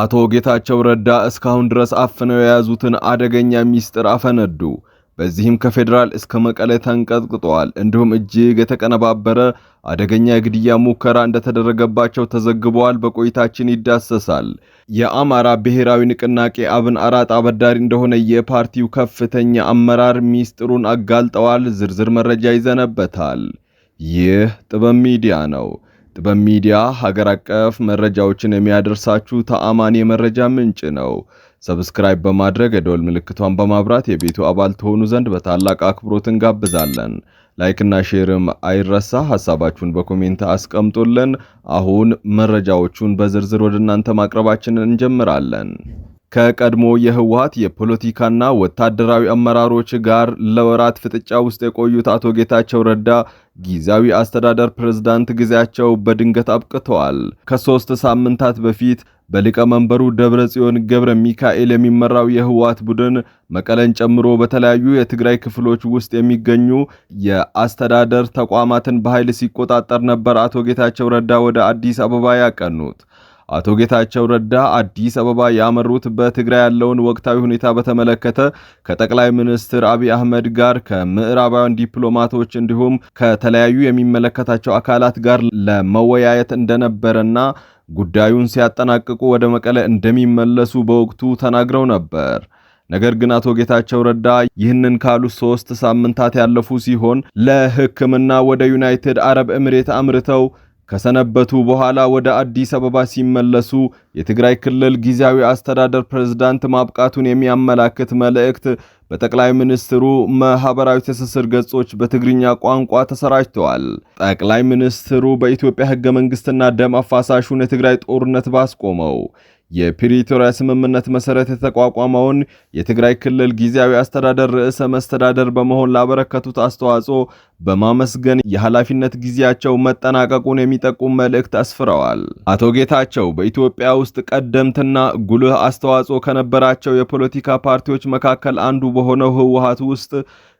አቶ ጌታቸው ረዳ እስካሁን ድረስ አፍነው የያዙትን አደገኛ ሚስጥር አፈነዱ። በዚህም ከፌዴራል እስከ መቀሌ ተንቀጥቅጠዋል። እንዲሁም እጅግ የተቀነባበረ አደገኛ የግድያ ሙከራ እንደተደረገባቸው ተዘግበዋል። በቆይታችን ይዳሰሳል። የአማራ ብሔራዊ ንቅናቄ አብን አራጥ አበዳሪ እንደሆነ የፓርቲው ከፍተኛ አመራር ሚስጥሩን አጋልጠዋል። ዝርዝር መረጃ ይዘነበታል። ይህ ጥበብ ሚዲያ ነው። ጥበብ ሚዲያ ሀገር አቀፍ መረጃዎችን የሚያደርሳችሁ ተአማኒ የመረጃ ምንጭ ነው። ሰብስክራይብ በማድረግ የደወል ምልክቷን በማብራት የቤቱ አባል ትሆኑ ዘንድ በታላቅ አክብሮት እንጋብዛለን። ላይክና ሼርም አይረሳ። ሀሳባችሁን በኮሜንት አስቀምጡልን። አሁን መረጃዎቹን በዝርዝር ወደ እናንተ ማቅረባችንን እንጀምራለን። ከቀድሞ የህወሀት የፖለቲካና ወታደራዊ አመራሮች ጋር ለወራት ፍጥጫ ውስጥ የቆዩት አቶ ጌታቸው ረዳ ጊዜያዊ አስተዳደር ፕሬዝዳንት ጊዜያቸው በድንገት አብቅተዋል። ከሦስት ሳምንታት በፊት በሊቀመንበሩ ደብረ ጽዮን ገብረ ሚካኤል የሚመራው የህወሀት ቡድን መቀለን ጨምሮ በተለያዩ የትግራይ ክፍሎች ውስጥ የሚገኙ የአስተዳደር ተቋማትን በኃይል ሲቆጣጠር ነበር። አቶ ጌታቸው ረዳ ወደ አዲስ አበባ ያቀኑት አቶ ጌታቸው ረዳ አዲስ አበባ ያመሩት በትግራይ ያለውን ወቅታዊ ሁኔታ በተመለከተ ከጠቅላይ ሚኒስትር አብይ አህመድ ጋር ከምዕራባውያን ዲፕሎማቶች እንዲሁም ከተለያዩ የሚመለከታቸው አካላት ጋር ለመወያየት እንደነበረና ጉዳዩን ሲያጠናቅቁ ወደ መቀለ እንደሚመለሱ በወቅቱ ተናግረው ነበር። ነገር ግን አቶ ጌታቸው ረዳ ይህንን ካሉ ሶስት ሳምንታት ያለፉ ሲሆን ለሕክምና ወደ ዩናይትድ አረብ ኤምሬት አምርተው ከሰነበቱ በኋላ ወደ አዲስ አበባ ሲመለሱ የትግራይ ክልል ጊዜያዊ አስተዳደር ፕሬዝዳንት ማብቃቱን የሚያመላክት መልእክት በጠቅላይ ሚኒስትሩ ማህበራዊ ትስስር ገጾች በትግርኛ ቋንቋ ተሰራጭተዋል። ጠቅላይ ሚኒስትሩ በኢትዮጵያ ህገ መንግስትና ደም አፋሳሹን የትግራይ ጦርነት ባስቆመው የፕሪቶሪያ ስምምነት መሰረት የተቋቋመውን የትግራይ ክልል ጊዜያዊ አስተዳደር ርዕሰ መስተዳደር በመሆን ላበረከቱት አስተዋጽኦ በማመስገን የኃላፊነት ጊዜያቸው መጠናቀቁን የሚጠቁም መልእክት አስፍረዋል። አቶ ጌታቸው በኢትዮጵያ ውስጥ ቀደምትና ጉልህ አስተዋጽኦ ከነበራቸው የፖለቲካ ፓርቲዎች መካከል አንዱ በሆነው ህወሓት ውስጥ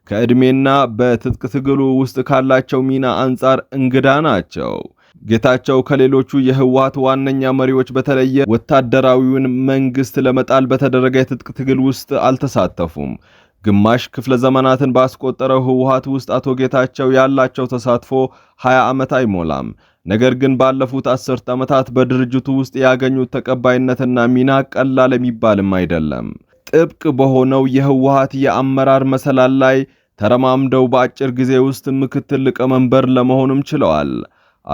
ከዕድሜና በትጥቅ ትግሉ ውስጥ ካላቸው ሚና አንጻር እንግዳ ናቸው። ጌታቸው ከሌሎቹ የህወሓት ዋነኛ መሪዎች በተለየ ወታደራዊውን መንግስት ለመጣል በተደረገ የትጥቅ ትግል ውስጥ አልተሳተፉም። ግማሽ ክፍለ ዘመናትን ባስቆጠረው ህወሀት ውስጥ አቶ ጌታቸው ያላቸው ተሳትፎ 20 ዓመት አይሞላም። ነገር ግን ባለፉት አስርት ዓመታት በድርጅቱ ውስጥ ያገኙት ተቀባይነትና ሚና ቀላል የሚባልም አይደለም። ጥብቅ በሆነው የህወሀት የአመራር መሰላል ላይ ተረማምደው በአጭር ጊዜ ውስጥ ምክትል ሊቀመንበር ለመሆኑም ችለዋል።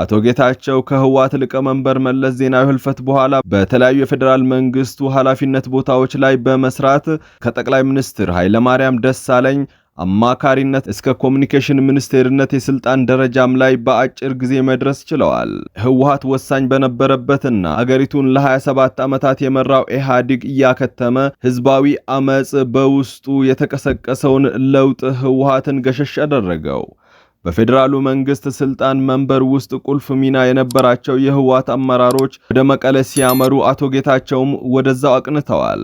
አቶ ጌታቸው ከህወሓት ሊቀመንበር መለስ ዜናዊ ህልፈት በኋላ በተለያዩ የፌዴራል መንግስቱ ኃላፊነት ቦታዎች ላይ በመስራት ከጠቅላይ ሚኒስትር ኃይለማርያም ደሳለኝ አማካሪነት እስከ ኮሚኒኬሽን ሚኒስቴርነት የስልጣን ደረጃም ላይ በአጭር ጊዜ መድረስ ችለዋል። ህወሓት ወሳኝ በነበረበትና አገሪቱን ለ27 ዓመታት የመራው ኢህአዲግ እያከተመ ህዝባዊ አመጽ በውስጡ የተቀሰቀሰውን ለውጥ ህወሓትን ገሸሽ አደረገው። በፌዴራሉ መንግስት ስልጣን መንበር ውስጥ ቁልፍ ሚና የነበራቸው የህወሓት አመራሮች ወደ መቀለ ሲያመሩ አቶ ጌታቸውም ወደዛው አቅንተዋል።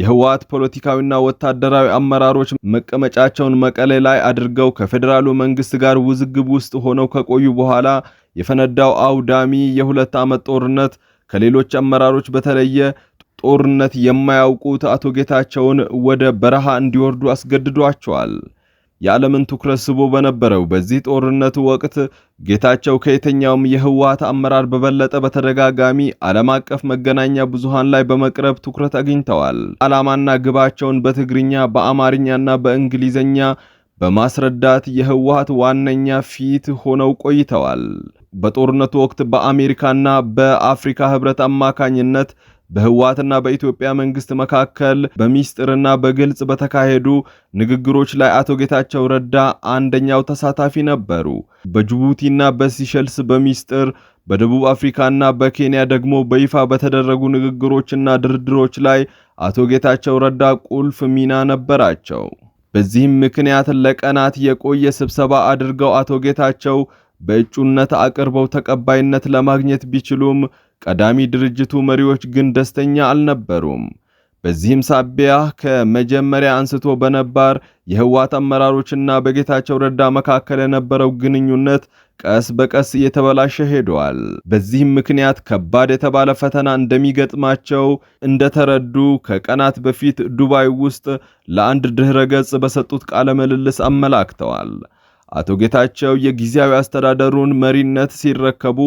የህወሓት ፖለቲካዊና ወታደራዊ አመራሮች መቀመጫቸውን መቀሌ ላይ አድርገው ከፌዴራሉ መንግስት ጋር ውዝግብ ውስጥ ሆነው ከቆዩ በኋላ የፈነዳው አውዳሚ የሁለት ዓመት ጦርነት ከሌሎች አመራሮች በተለየ ጦርነት የማያውቁት አቶ ጌታቸውን ወደ በረሃ እንዲወርዱ አስገድዷቸዋል። የዓለምን ትኩረት ስቦ በነበረው በዚህ ጦርነት ወቅት ጌታቸው ከየትኛውም የህወሓት አመራር በበለጠ በተደጋጋሚ ዓለም አቀፍ መገናኛ ብዙሃን ላይ በመቅረብ ትኩረት አግኝተዋል። ዓላማና ግባቸውን በትግርኛ በአማርኛና በእንግሊዝኛ በማስረዳት የህወሓት ዋነኛ ፊት ሆነው ቆይተዋል። በጦርነቱ ወቅት በአሜሪካና በአፍሪካ ህብረት አማካኝነት በህወሓትና በኢትዮጵያ መንግስት መካከል በሚስጥርና በግልጽ በተካሄዱ ንግግሮች ላይ አቶ ጌታቸው ረዳ አንደኛው ተሳታፊ ነበሩ። በጅቡቲና በሲሸልስ በሚስጥር በደቡብ አፍሪካና በኬንያ ደግሞ በይፋ በተደረጉ ንግግሮችና ድርድሮች ላይ አቶ ጌታቸው ረዳ ቁልፍ ሚና ነበራቸው። በዚህም ምክንያት ለቀናት የቆየ ስብሰባ አድርገው አቶ ጌታቸው በእጩነት አቅርበው ተቀባይነት ለማግኘት ቢችሉም ቀዳሚ ድርጅቱ መሪዎች ግን ደስተኛ አልነበሩም። በዚህም ሳቢያ ከመጀመሪያ አንስቶ በነባር የህወሓት አመራሮችና በጌታቸው ረዳ መካከል የነበረው ግንኙነት ቀስ በቀስ እየተበላሸ ሄደዋል። በዚህም ምክንያት ከባድ የተባለ ፈተና እንደሚገጥማቸው እንደተረዱ ከቀናት በፊት ዱባይ ውስጥ ለአንድ ድኅረ ገጽ በሰጡት ቃለ ምልልስ አመላክተዋል። አቶ ጌታቸው የጊዜያዊ አስተዳደሩን መሪነት ሲረከቡ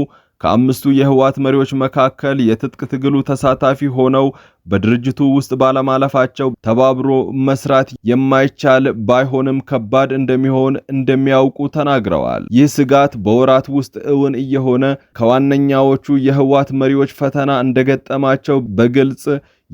ከአምስቱ የህወሓት መሪዎች መካከል የትጥቅ ትግሉ ተሳታፊ ሆነው በድርጅቱ ውስጥ ባለማለፋቸው ተባብሮ መስራት የማይቻል ባይሆንም ከባድ እንደሚሆን እንደሚያውቁ ተናግረዋል። ይህ ስጋት በወራት ውስጥ እውን እየሆነ ከዋነኛዎቹ የህወሓት መሪዎች ፈተና እንደገጠማቸው በግልጽ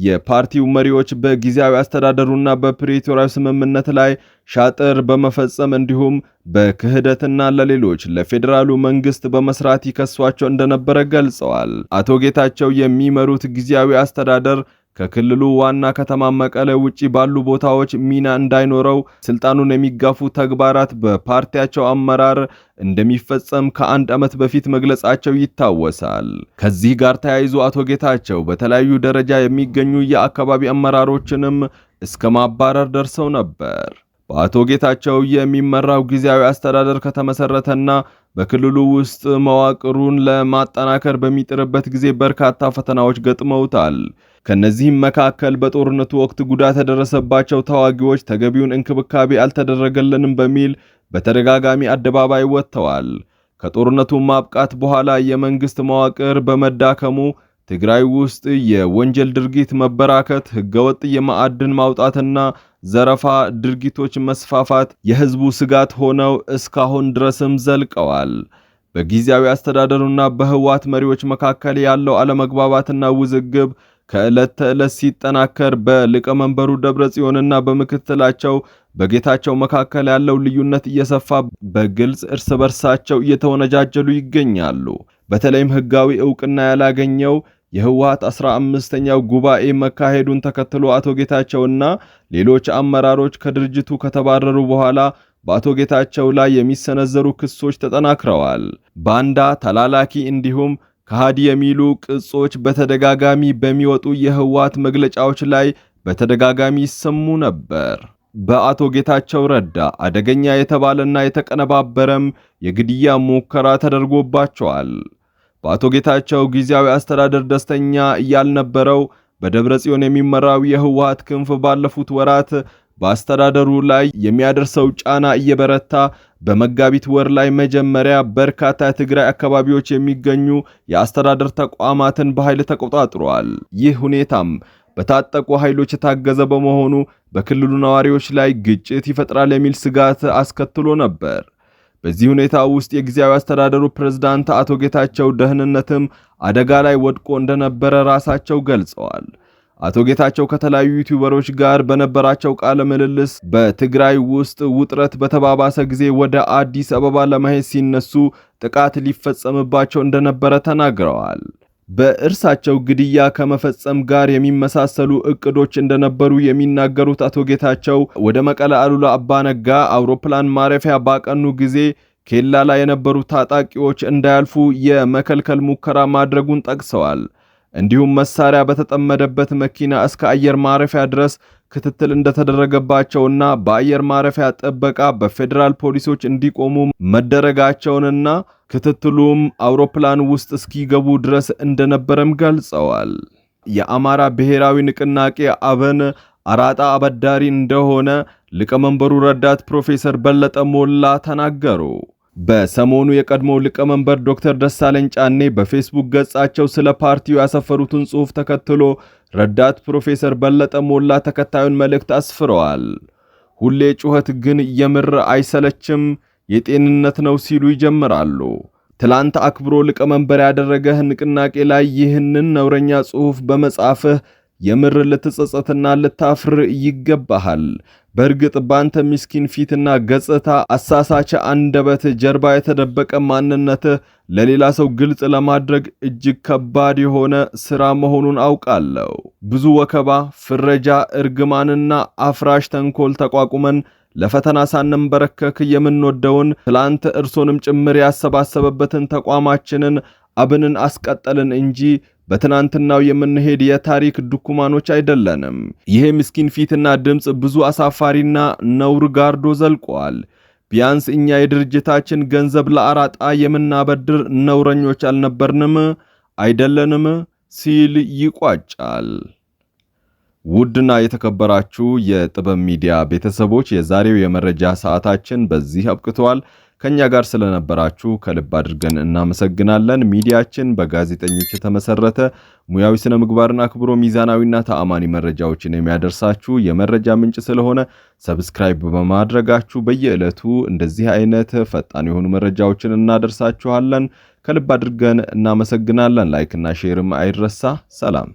የፓርቲው መሪዎች በጊዜያዊ አስተዳደሩና በፕሪቶሪያ ስምምነት ላይ ሻጥር በመፈጸም እንዲሁም በክህደትና ለሌሎች ለፌዴራሉ መንግስት በመስራት ይከሷቸው እንደነበረ ገልጸዋል። አቶ ጌታቸው የሚመሩት ጊዜያዊ አስተዳደር ከክልሉ ዋና ከተማ መቀለ ውጪ ባሉ ቦታዎች ሚና እንዳይኖረው ስልጣኑን የሚጋፉ ተግባራት በፓርቲያቸው አመራር እንደሚፈጸም ከአንድ ዓመት በፊት መግለጻቸው ይታወሳል። ከዚህ ጋር ተያይዞ አቶ ጌታቸው በተለያዩ ደረጃ የሚገኙ የአካባቢ አመራሮችንም እስከ ማባረር ደርሰው ነበር። በአቶ ጌታቸው የሚመራው ጊዜያዊ አስተዳደር ከተመሰረተና በክልሉ ውስጥ መዋቅሩን ለማጠናከር በሚጥርበት ጊዜ በርካታ ፈተናዎች ገጥመውታል። ከነዚህም መካከል በጦርነቱ ወቅት ጉዳት የደረሰባቸው ተዋጊዎች ተገቢውን እንክብካቤ አልተደረገልንም በሚል በተደጋጋሚ አደባባይ ወጥተዋል። ከጦርነቱ ማብቃት በኋላ የመንግስት መዋቅር በመዳከሙ ትግራይ ውስጥ የወንጀል ድርጊት መበራከት፣ ህገወጥ የማዕድን ማውጣትና ዘረፋ ድርጊቶች መስፋፋት የህዝቡ ስጋት ሆነው እስካሁን ድረስም ዘልቀዋል። በጊዜያዊ አስተዳደሩና በህወሓት መሪዎች መካከል ያለው አለመግባባትና ውዝግብ ከዕለት ተዕለት ሲጠናከር በሊቀመንበሩ ጽዮንና በምክትላቸው በጌታቸው መካከል ያለው ልዩነት እየሰፋ በግልጽ እርስ በርሳቸው እየተወነጃጀሉ ይገኛሉ። በተለይም ህጋዊ እውቅና ያላገኘው የህወሓት 15ኛው ጉባኤ መካሄዱን ተከትሎ አቶ ጌታቸውና ሌሎች አመራሮች ከድርጅቱ ከተባረሩ በኋላ በአቶ ጌታቸው ላይ የሚሰነዘሩ ክሶች ተጠናክረዋል። ባንዳ፣ ተላላኪ እንዲሁም ከሃዲ የሚሉ ቅጾች በተደጋጋሚ በሚወጡ የህወሓት መግለጫዎች ላይ በተደጋጋሚ ይሰሙ ነበር። በአቶ ጌታቸው ረዳ አደገኛ የተባለና የተቀነባበረም የግድያ ሙከራ ተደርጎባቸዋል። በአቶ ጌታቸው ጊዜያዊ አስተዳደር ደስተኛ ያልነበረው በደብረ ጽዮን የሚመራው የህወሀት ክንፍ ባለፉት ወራት በአስተዳደሩ ላይ የሚያደርሰው ጫና እየበረታ በመጋቢት ወር ላይ መጀመሪያ በርካታ የትግራይ አካባቢዎች የሚገኙ የአስተዳደር ተቋማትን በኃይል ተቆጣጥሯል። ይህ ሁኔታም በታጠቁ ኃይሎች የታገዘ በመሆኑ በክልሉ ነዋሪዎች ላይ ግጭት ይፈጥራል የሚል ስጋት አስከትሎ ነበር። በዚህ ሁኔታ ውስጥ የጊዜያዊ አስተዳደሩ ፕሬዝዳንት አቶ ጌታቸው ደህንነትም አደጋ ላይ ወድቆ እንደነበረ ራሳቸው ገልጸዋል። አቶ ጌታቸው ከተለያዩ ዩቲዩበሮች ጋር በነበራቸው ቃለ ምልልስ በትግራይ ውስጥ ውጥረት በተባባሰ ጊዜ ወደ አዲስ አበባ ለመሄድ ሲነሱ ጥቃት ሊፈጸምባቸው እንደነበረ ተናግረዋል። በእርሳቸው ግድያ ከመፈጸም ጋር የሚመሳሰሉ እቅዶች እንደነበሩ የሚናገሩት አቶ ጌታቸው ወደ መቀለ አሉላ አባነጋ አውሮፕላን ማረፊያ ባቀኑ ጊዜ ኬላ ላይ የነበሩ ታጣቂዎች እንዳያልፉ የመከልከል ሙከራ ማድረጉን ጠቅሰዋል። እንዲሁም መሳሪያ በተጠመደበት መኪና እስከ አየር ማረፊያ ድረስ ክትትል እንደተደረገባቸውና በአየር ማረፊያ ጥበቃ በፌዴራል ፖሊሶች እንዲቆሙ መደረጋቸውንና ክትትሉም አውሮፕላን ውስጥ እስኪገቡ ድረስ እንደነበረም ገልጸዋል። የአማራ ብሔራዊ ንቅናቄ አብን አራጣ አበዳሪ እንደሆነ ሊቀመንበሩ ረዳት ፕሮፌሰር በለጠ ሞላ ተናገሩ። በሰሞኑ የቀድሞ ሊቀመንበር ዶክተር ደሳለኝ ጫኔ በፌስቡክ ገጻቸው ስለ ፓርቲው ያሰፈሩትን ጽሑፍ ተከትሎ ረዳት ፕሮፌሰር በለጠ ሞላ ተከታዩን መልእክት አስፍረዋል። ሁሌ ጩኸት ግን የምር አይሰለችም፣ የጤንነት ነው ሲሉ ይጀምራሉ። ትላንት አክብሮ ሊቀመንበር ያደረገህ ንቅናቄ ላይ ይህንን ነውረኛ ጽሑፍ በመጻፍህ የምር ልትጸጸትና ልታፍር ይገባሃል። በእርግጥ ባንተ ምስኪን ፊትና ገጽታ፣ አሳሳች አንደበት ጀርባ የተደበቀ ማንነትህ ለሌላ ሰው ግልጽ ለማድረግ እጅግ ከባድ የሆነ ሥራ መሆኑን አውቃለሁ። ብዙ ወከባ፣ ፍረጃ፣ እርግማንና አፍራሽ ተንኮል ተቋቁመን ለፈተና ሳንንበረከክ የምንወደውን ትላንት እርሶንም ጭምር ያሰባሰበበትን ተቋማችንን አብንን አስቀጠልን እንጂ በትናንትናው የምንሄድ የታሪክ ድኩማኖች አይደለንም። ይሄ ምስኪን ፊትና ድምፅ ብዙ አሳፋሪና ነውር ጋርዶ ዘልቋል። ቢያንስ እኛ የድርጅታችን ገንዘብ ለአራጣ የምናበድር ነውረኞች አልነበርንም አይደለንም ሲል ይቋጫል። ውድና የተከበራችሁ የጥበብ ሚዲያ ቤተሰቦች የዛሬው የመረጃ ሰዓታችን በዚህ አብቅተዋል። ከእኛ ጋር ስለነበራችሁ ከልብ አድርገን እናመሰግናለን። ሚዲያችን በጋዜጠኞች የተመሰረተ ሙያዊ ስነ ምግባርን አክብሮ ሚዛናዊና ተአማኒ መረጃዎችን የሚያደርሳችሁ የመረጃ ምንጭ ስለሆነ ሰብስክራይብ በማድረጋችሁ በየዕለቱ እንደዚህ አይነት ፈጣን የሆኑ መረጃዎችን እናደርሳችኋለን። ከልብ አድርገን እናመሰግናለን። ላይክና ሼርም አይረሳ። ሰላም